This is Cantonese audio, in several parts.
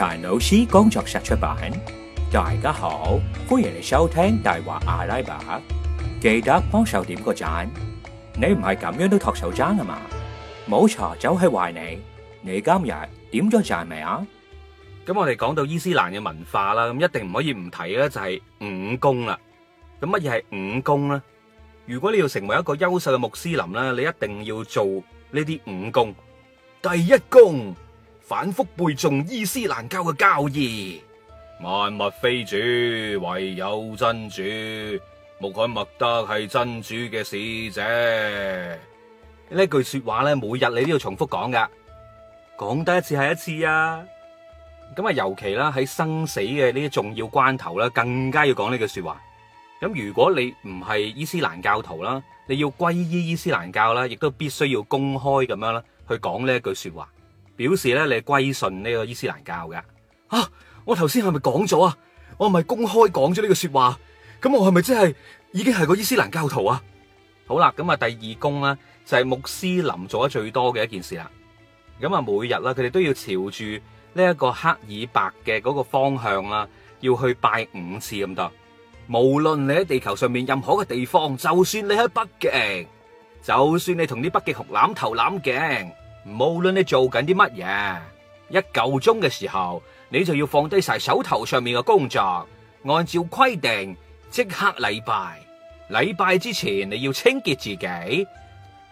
陳老師工作室出版，大家好，歡迎收聽《大話阿拉伯》。記得幫手點個讚，你唔係咁樣都托手踭啊嘛？冇錯，就係壞你。你今日點咗讚未啊？咁我哋講到伊斯蘭嘅文化啦，咁一定唔可以唔提啦，就係五功啦。咁乜嘢係五功咧？如果你要成為一個優秀嘅穆斯林啦，你一定要做呢啲五功。第一功。反覆背誦伊斯蘭教嘅教義，萬物非主，唯有真主，穆罕默德係真主嘅使者。呢句說話咧，每日你都要重複講㗎，講得一次係一次啊！咁啊，尤其啦喺生死嘅呢啲重要關頭啦，更加要講呢句說話。咁如果你唔係伊斯蘭教徒啦，你要皈依伊斯蘭教啦，亦都必須要公開咁樣啦，去講呢一句說話。表示咧，你歸順呢個伊斯蘭教噶吓，我頭先係咪講咗啊？我係咪公開講咗呢個說話？咁我係咪真係已經係個伊斯蘭教徒啊？好啦，咁啊，第二功呢，就係、是、穆斯林做咗最多嘅一件事啦。咁啊，每日啦，佢哋都要朝住呢一個克爾白嘅嗰個方向啦，要去拜五次咁多。無論你喺地球上面任何嘅地方，就算你喺北極，就算你同啲北極熊攬頭攬頸。無論你做緊啲乜嘢，一夠鐘嘅時候，你就要放低晒手頭上面嘅工作，按照規定即刻禮拜。禮拜之前你要清潔自己，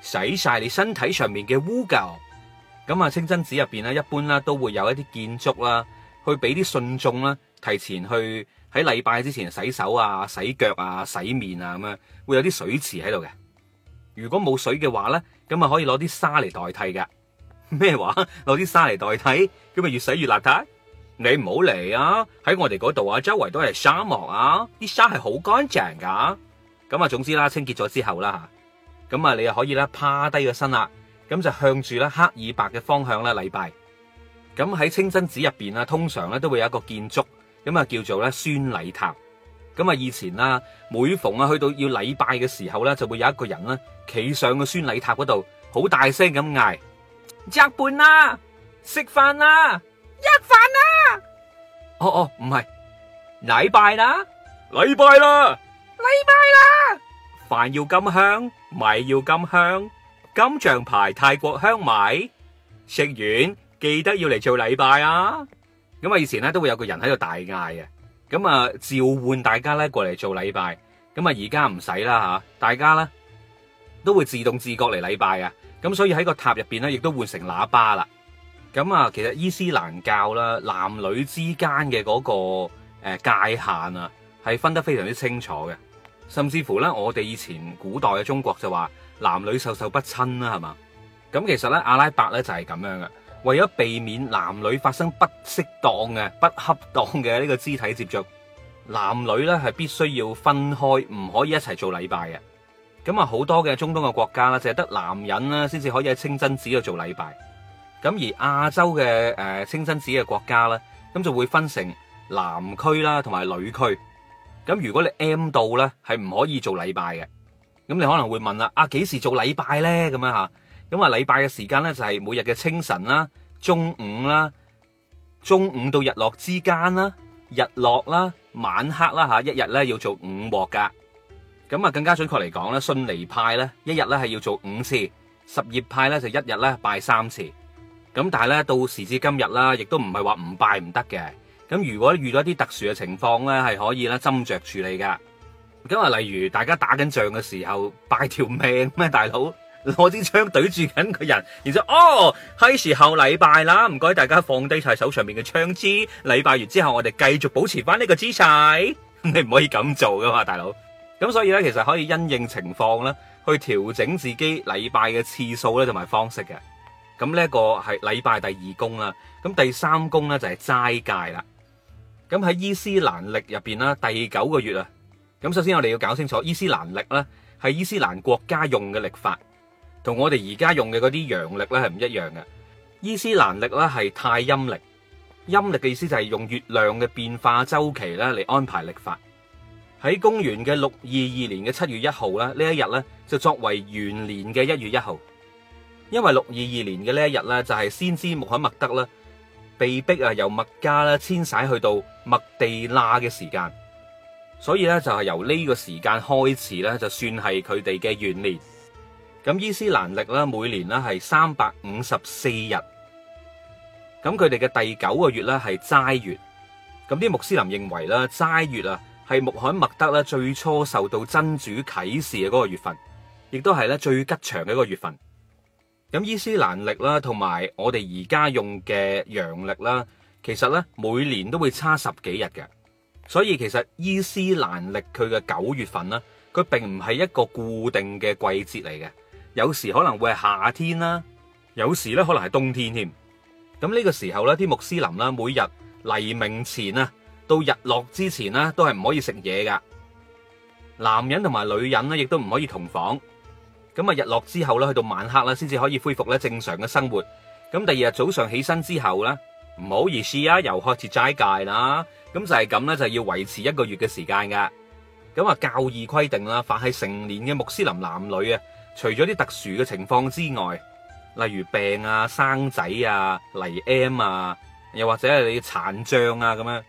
洗晒你身體上面嘅污垢。咁啊，清真寺入邊咧，一般啦都會有一啲建築啦，去俾啲信眾啦提前去喺禮拜之前洗手啊、洗腳啊、洗面啊咁樣，會有啲水池喺度嘅。如果冇水嘅話咧，咁啊可以攞啲沙嚟代替嘅。咩話？攞啲沙嚟代替，咁啊越洗越邋遢。你唔好嚟啊！喺我哋嗰度啊，周圍都係沙漠啊，啲沙係好乾淨噶。咁啊，總之啦，清潔咗之後啦吓，咁啊你又可以咧趴低個身啦，咁就向住咧黑爾白嘅方向咧禮拜。咁喺清真寺入邊啊，通常咧都會有一個建築，咁啊叫做咧宣禮塔。咁啊！以前啦，每逢啊去到要禮拜嘅時候咧，就會有一個人咧企上個宣禮塔嗰度，好大聲咁嗌：着半啦，食飯啦，飯啦一飯啦。哦哦，唔係禮拜啦，禮拜啦，禮拜啦。飯要咁香，米要咁香，金象牌泰國香米。食完記得要嚟做禮拜啊！咁啊，以前咧都會有個人喺度大嗌嘅。咁啊，召喚大家咧過嚟做禮拜，咁啊而家唔使啦嚇，大家咧都會自動自覺嚟禮拜啊，咁所以喺個塔入邊咧，亦都換成喇叭啦。咁啊，其實伊斯蘭教啦，男女之間嘅嗰個誒界限啊，係分得非常之清楚嘅，甚至乎咧，我哋以前古代嘅中國就話男女授受不親啦，係嘛？咁其實咧，阿拉伯咧就係咁樣嘅。為咗避免男女發生不適當嘅、不恰當嘅呢個肢體接觸，男女咧係必須要分開，唔可以一齊做禮拜嘅。咁啊，好多嘅中東嘅國家啦，淨係得男人啦先至可以喺清真寺度做禮拜。咁而亞洲嘅誒清真寺嘅國家啦，咁就會分成男區啦同埋女區。咁如果你 M 到咧係唔可以做禮拜嘅，咁你可能會問啦：啊，幾時做禮拜咧？咁樣吓？咁啊，禮拜嘅時間咧就係每日嘅清晨啦、中午啦、中午到日落之間啦、日落啦、晚黑啦吓，一日咧要做五鑊噶。咁啊，更加準確嚟講咧，遜尼派咧，一日咧係要做五次；什葉派咧就一日咧拜三次。咁但係咧到時至今日啦，亦都唔係話唔拜唔得嘅。咁如果遇到一啲特殊嘅情況咧，係可以咧斟酌處理噶。咁啊，例如大家打緊仗嘅時候，拜條命咩，大佬？攞支槍懟住緊個人，然之後哦，係時候禮拜啦，唔該大家放低晒手上面嘅槍支。禮拜完之後，我哋繼續保持翻呢個姿勢。 你唔可以咁做噶嘛，大佬。咁所以呢，其實可以因應情況啦，去調整自己禮拜嘅次數咧，同埋方式嘅。咁呢個係禮拜第二功啦，咁第三功呢，就係齋戒啦。咁喺伊斯蘭曆入邊啦，第九個月啊。咁首先我哋要搞清楚伊斯蘭曆呢，係伊斯蘭國家用嘅曆法。同我哋而家用嘅嗰啲陽曆咧，係唔一樣嘅，伊斯蘭曆咧係太陰曆。陰曆嘅意思就係用月亮嘅變化周期咧，嚟安排曆法。喺公元嘅六二二年嘅七月一號咧，呢一日咧就作為元年嘅一月一號。因為六二二年嘅呢一日咧就係先知穆罕默德啦，被逼啊由麥加咧遷徙去到麥地那嘅時間，所以咧就係由呢個時間開始咧，就算係佢哋嘅元年。咁伊斯蘭曆咧，每年咧係三百五十四日。咁佢哋嘅第九個月咧係齋月。咁啲穆斯林認為咧，齋月啊係穆罕默德咧最初受到真主啟示嘅嗰個月份，亦都係咧最吉祥嘅一個月份。咁伊斯蘭曆啦，同埋我哋而家用嘅陽曆啦，其實咧每年都會差十幾日嘅。所以其實伊斯蘭曆佢嘅九月份呢，佢並唔係一個固定嘅季節嚟嘅。有時可能會係夏天啦，有時咧可能係冬天添。咁、這、呢個時候咧，啲穆斯林啦，每日黎明前啊，到日落之前呢，都係唔可以食嘢噶。男人同埋女人呢，亦都唔可以同房。咁啊，日落之後咧，去到晚黑啦，先至可以恢復咧正常嘅生活。咁第二日早上起身之後咧，唔好意思啊，又開始齋戒啦。咁就係咁咧，就，是，就要維持一個月嘅時間噶。咁啊，教義規定啦，凡係成年嘅穆斯林男女啊。除咗啲特殊嘅情況之外，例如病啊、生仔啊、嚟 M 啊，又或者係你殘障啊咁樣，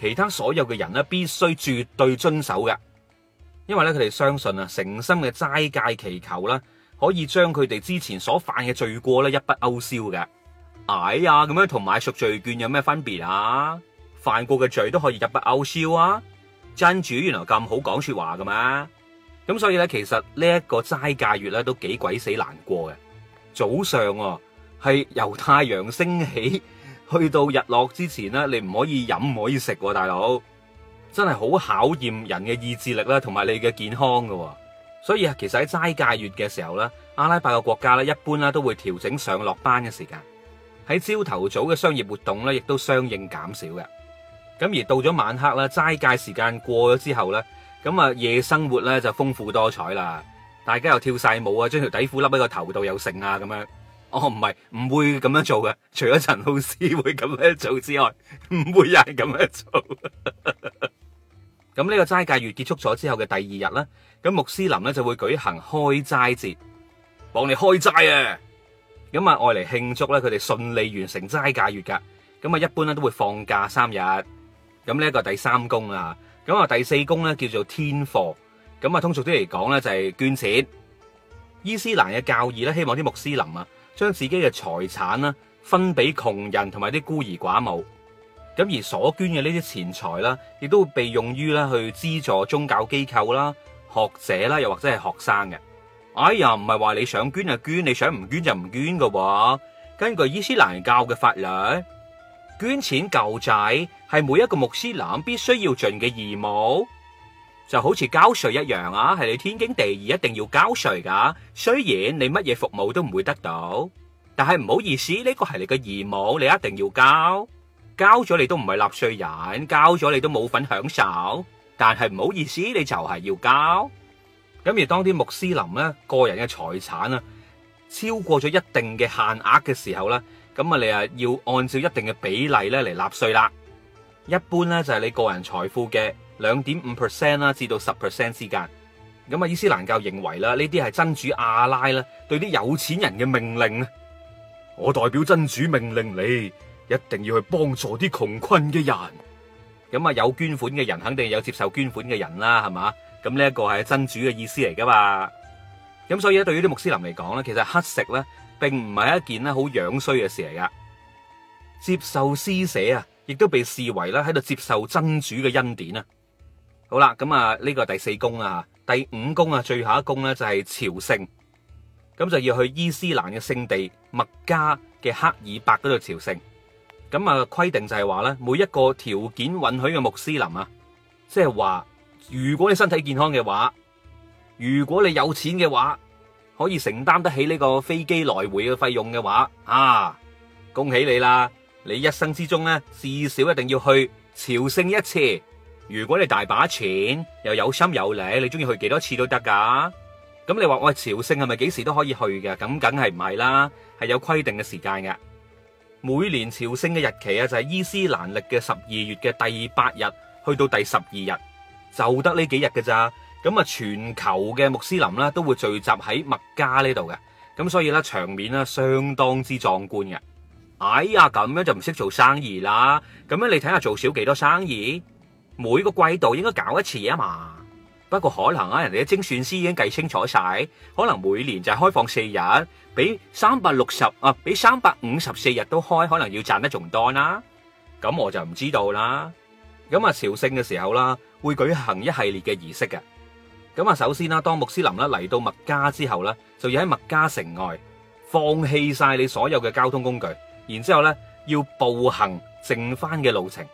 其他所有嘅人咧必須絕對遵守嘅。因為咧佢哋相信啊，誠心嘅齋戒祈求啦，可以將佢哋之前所犯嘅罪過咧一筆勾銷嘅。哎呀，咁樣同埋贖罪券有咩分別啊？犯過嘅罪都可以一筆勾銷啊？真主原來咁好講説話嘅嘛？咁所以呢，其實呢一個齋戒月呢都幾鬼死難過嘅。早上喎係由太陽升起，去到日落之前呢，你唔可以飲唔可以食，大佬真係好考驗人嘅意志力啦，同埋你嘅健康㗎。所以其實喺齋戒月嘅時候呢，阿拉伯嘅國家呢一般呢都會調整上落班嘅時間，喺朝頭早嘅商業活動呢亦都相應減少嘅。咁而到咗晚黑啦，齋戒時間過咗之後呢。咁啊，夜生活咧就豐富多彩啦！大家又跳晒舞啊，將條底褲笠喺個頭度有剩啊，咁樣哦，唔係唔會咁樣做嘅，除咗陳老師會咁樣做之外，唔會有人咁樣做。咁呢個齋戒月結束咗之後嘅第二日啦，咁穆斯林咧就會舉行開齋節，幫你開齋啊！咁啊，愛嚟慶祝咧，佢哋順利完成齋戒月噶。咁啊，一般咧都會放假三日。咁呢一個第三功啊。咁啊，第四功咧叫做天課，咁啊，通俗啲嚟講咧就係捐錢。伊斯蘭嘅教義咧，希望啲穆斯林啊，將自己嘅財產啦分俾窮人同埋啲孤兒寡母。咁而所捐嘅呢啲錢財啦，亦都被用於咧去資助宗教機構啦、學者啦，又或者係學生嘅。哎呀，唔係話你想捐就捐，你想唔捐就唔捐㗎喎。根據伊斯蘭教嘅法律，捐錢救濟係每一個穆斯林必須要盡嘅義務，就好似交稅一樣啊！係你天經地義一定要交稅噶。雖然你乜嘢服務都唔會得到，但係唔好意思，呢個係你嘅義務，你一定要交。交咗你都唔係納稅人，交咗你都冇份享受，但係唔好意思，你就係要交。咁而當啲穆斯林咧個人嘅財產啊超過咗一定嘅限額嘅時候咧。咁啊，你啊要按照一定嘅比例咧嚟納稅啦。一般咧就係你個人財富嘅兩點五 percent 啦至到十 percent 之間。咁啊，伊斯蘭教認為啦，呢啲係真主阿拉啦對啲有錢人嘅命令。我代表真主命令你，一定要去幫助啲窮困嘅人。咁啊，有捐款嘅人肯定有接受捐款嘅人啦，係嘛？咁呢一個係真主嘅意思嚟噶嘛？咁所以咧，對於啲穆斯林嚟講咧，其實乞食咧。並唔係一件咧好樣衰嘅事嚟噶，接受施捨啊，亦都被視為咧喺度接受真主嘅恩典啊。好啦，咁啊呢個第四功啊，第五功啊，最後一功咧就係朝聖，咁就要去伊斯蘭嘅聖地麥加嘅克爾白嗰度朝聖。咁啊規定就係話咧，每一個條件允許嘅穆斯林啊，即係話如果你身體健康嘅話，如果你有錢嘅話。可以承擔得起呢個飛機來回嘅費用嘅話，啊，恭喜你啦！你一生之中呢，至少一定要去朝聖一次。如果你大把錢又有心有理，你中意去幾多次都得噶。咁你話我是朝聖係咪幾時都可以去嘅？咁梗係唔係啦，係有規定嘅時間嘅。每年朝聖嘅日期啊，就係伊斯蘭曆嘅十二月嘅第八日去到第十二日，就得呢幾日嘅咋。咁啊，全球嘅穆斯林咧都會聚集喺麥加呢度嘅，咁所以咧場面咧相當之壯觀嘅。哎呀，咁樣就唔識做生意啦！咁樣你睇下做少幾多生意？每個季度應該搞一次啊嘛。不過可能啊，人哋嘅精算師已經計清楚晒，可能每年就係開放四日，俾三百六十啊，俾三百五十四日都開，可能要賺得仲多啦。咁我就唔知道啦。咁啊，朝聖嘅時候啦，會舉行一系列嘅儀式嘅。咁啊，首先啦，當穆斯林呢嚟到麥加之後咧，就要喺麥加城外放棄晒你所有嘅交通工具，然之後咧要步行剩翻嘅路程。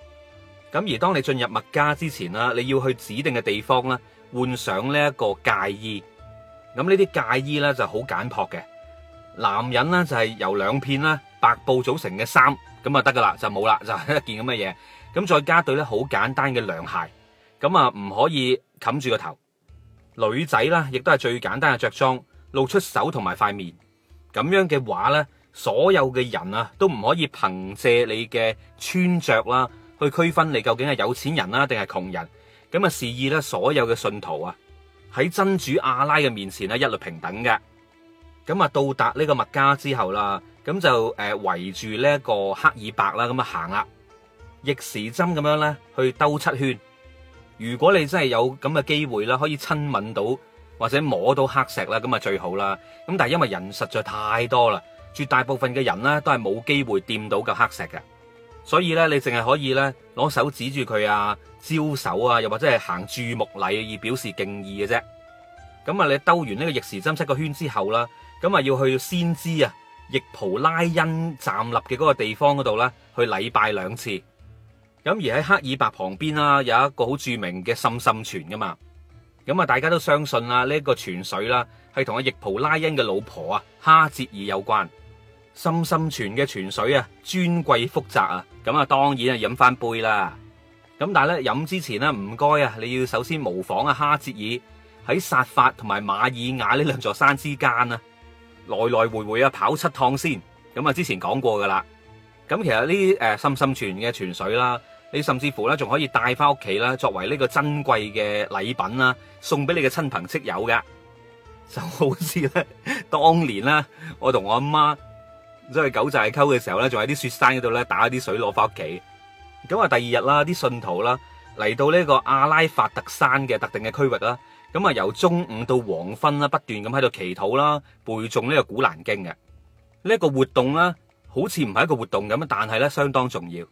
咁而當你進入麥加之前啦，你要去指定嘅地方咧換上呢一個戒衣。咁呢啲戒衣咧就好簡樸嘅，男人咧就係由兩片啦白布組成嘅衫，咁啊得噶啦，就冇啦，就一件咁嘅嘢。咁再加對咧好簡單嘅涼鞋，咁啊唔可以冚住個頭。女仔啦，亦都係最簡單嘅着裝，露出手同埋塊面。咁樣嘅話呢，所有嘅人啊，都唔可以憑借你嘅穿着啦，去區分你究竟係有錢人啊定係窮人。咁啊，示意咧，所有嘅信徒啊，喺真主阿拉嘅面前咧，一律平等嘅。咁啊，到達呢個麥加之後啦，咁就誒圍住呢一個黑爾白啦，咁啊行啦，逆時針咁樣咧，去兜七圈。如果你真係有咁嘅機會啦，可以親吻到或者摸到黑石啦，咁啊最好啦。咁但係因為人實在太多啦，絕大部分嘅人呢都係冇機會掂到個黑石嘅，所以咧你淨係可以咧攞手指住佢啊，招手啊，又或者係行注目禮而表示敬意嘅啫。咁啊，你兜完呢個逆時針七個圈之後啦，咁啊要去先知啊，易蒲拉恩站立嘅嗰個地方嗰度咧去禮拜兩次。咁而喺黑爾白旁邊啦，有一個好著名嘅滲滲泉噶嘛，咁啊大家都相信啦，呢個泉水啦係同阿易普拉恩嘅老婆啊哈哲爾有關。滲滲泉嘅泉水啊，尊貴複雜啊，咁啊當然啊飲翻杯啦。咁但係咧飲之前咧唔該啊，你要首先模仿啊哈哲爾喺薩法同埋馬爾雅呢兩座山之間啊來來回回啊跑七趟先。咁啊之前講過噶啦。咁其實呢啲誒滲滲泉嘅泉水啦。你甚至乎咧，仲可以帶翻屋企啦，作為呢個珍貴嘅禮品啦，送俾你嘅親朋戚友嘅，就好似咧當年啦，我同我阿媽走去九寨溝嘅時候咧，仲喺啲雪山嗰度咧打一啲水攞翻屋企。咁啊，第二日啦，啲信徒啦嚟到呢個阿拉法特山嘅特定嘅區域啦，咁啊由中午到黃昏啦，不斷咁喺度祈禱啦，背誦呢個古蘭經嘅。呢一個活動啦，好似唔係一個活動咁，但係咧相當重要。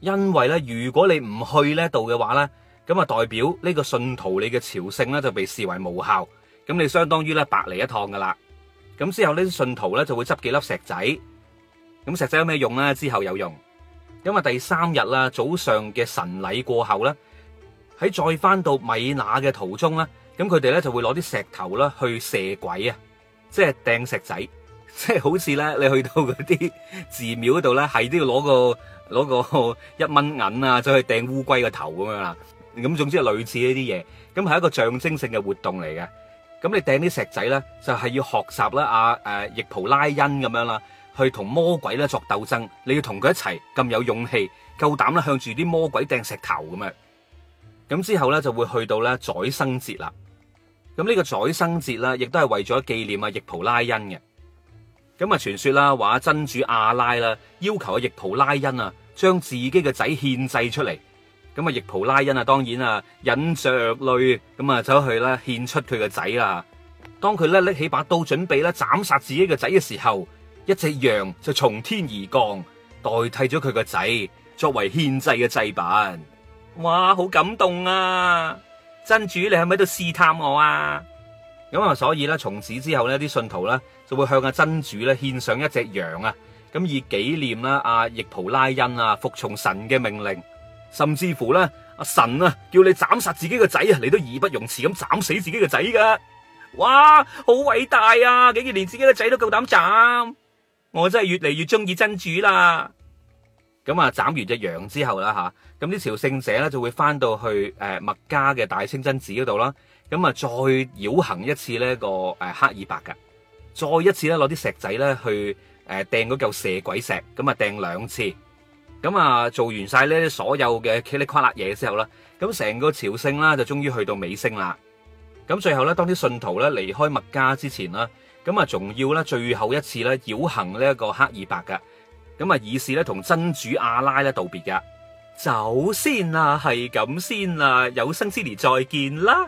因為咧，如果你唔去呢度嘅話咧，咁啊代表呢個信徒你嘅朝聖咧就被視為無效，咁你相當於咧白嚟一趟噶啦。咁之後呢啲信徒咧就會執幾粒石仔，咁石仔有咩用咧？之後有用。咁啊第三日啦，早上嘅晨禮過後咧，喺再翻到米那嘅途中咧，咁佢哋咧就會攞啲石頭啦去射鬼啊，即係掟石仔。即係好似咧，你去到嗰啲寺廟嗰度咧，係都要攞個攞個一蚊銀啊，就去掟烏龜個頭咁樣啦。咁總之係類似呢啲嘢，咁係一個象徵性嘅活動嚟嘅。咁你掟啲石仔咧，就係、是、要學習啦啊，誒易普拉恩咁樣啦，去同魔鬼咧作鬥爭。你要同佢一齊咁有勇氣、夠膽咧向住啲魔鬼掟石頭咁樣。咁之後咧就會去到咧宰生節啦。咁呢個宰生節呢，亦都係為咗紀念啊，易普拉恩嘅。咁啊，傳說啦，話真主阿拉啦，要求啊，易普拉恩啊，將自己嘅仔獻祭出嚟。咁啊，易普拉恩啊，當然啊，忍著淚咁啊，走去啦，獻出佢個仔啦。當佢咧拎起把刀準備咧斬殺自己嘅仔嘅時候，一隻羊就從天而降，代替咗佢個仔作為獻祭嘅祭品。哇，好感動啊！真主，你係咪喺度試探我啊？咁啊，所以咧，從此之後呢啲信徒啦。就會向阿真主咧獻上一隻羊啊，咁以紀念啦阿易普拉恩啊服從神嘅命令，甚至乎咧阿神啊叫你斬殺自己嘅仔啊，你都義不容辭咁斬死自己嘅仔噶，哇，好偉大啊！竟然連自己嘅仔都夠膽斬，我真係越嚟越中意真主啦。咁啊斬完隻羊之後啦吓，咁啲朝聖者咧就會翻到去誒麥加嘅大清真寺嗰度啦，咁啊再繞行一次呢個誒克爾白噶。再一次咧，攞啲石仔咧去誒掟嗰嚿蛇鬼石，咁啊掟兩次，咁啊做完曬咧所有嘅奇哩跨喇嘢之後啦，咁成個朝聖啦就終於去到尾聲啦。咁最後咧，當啲信徒咧離開麥加之前啦，咁啊仲要咧最後一次咧繞行呢一個黑爾白噶，咁啊以示咧同真主阿拉咧道別嘅，走先啦，係咁先啦，有生之年再見啦。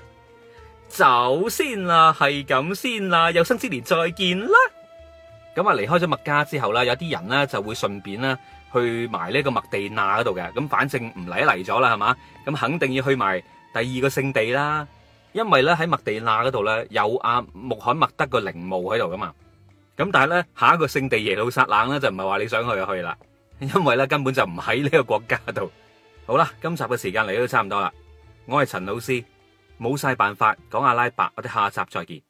走先啦，係咁先啦，有生之年再見啦。咁啊，離開咗麥加之後啦，有啲人咧就會順便啦去埋呢個麥地那嗰度嘅。咁反正唔嚟嚟咗啦，係嘛？咁肯定要去埋第二個聖地啦。因為咧喺麥地那嗰度咧有阿穆罕默德個陵墓喺度噶嘛。咁但係咧下一個聖地耶路撒冷咧就唔係話你想去就去啦，因為咧根本就唔喺呢個國家度。好啦，今集嘅時間嚟到都差唔多啦，我係陳老師。冇晒辦法，講阿拉伯，我哋下集再見。